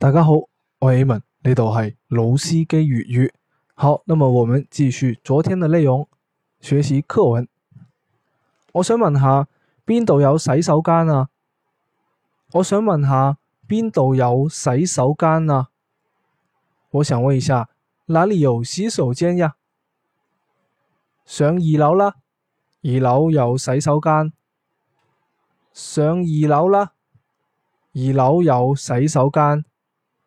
大家好，我係文，呢度係老司機粵語。好，那麼我們繼續昨天嘅內容，學習課文。我想問下邊度有洗手間啊？我想問下邊度有洗手間啊？我想問一下，哪裡有洗手間呀？上二樓啦，二樓有洗手間。上二樓啦，二樓有洗手間。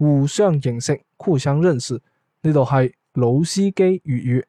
互相認識，互相認識，呢度係老司機粵語。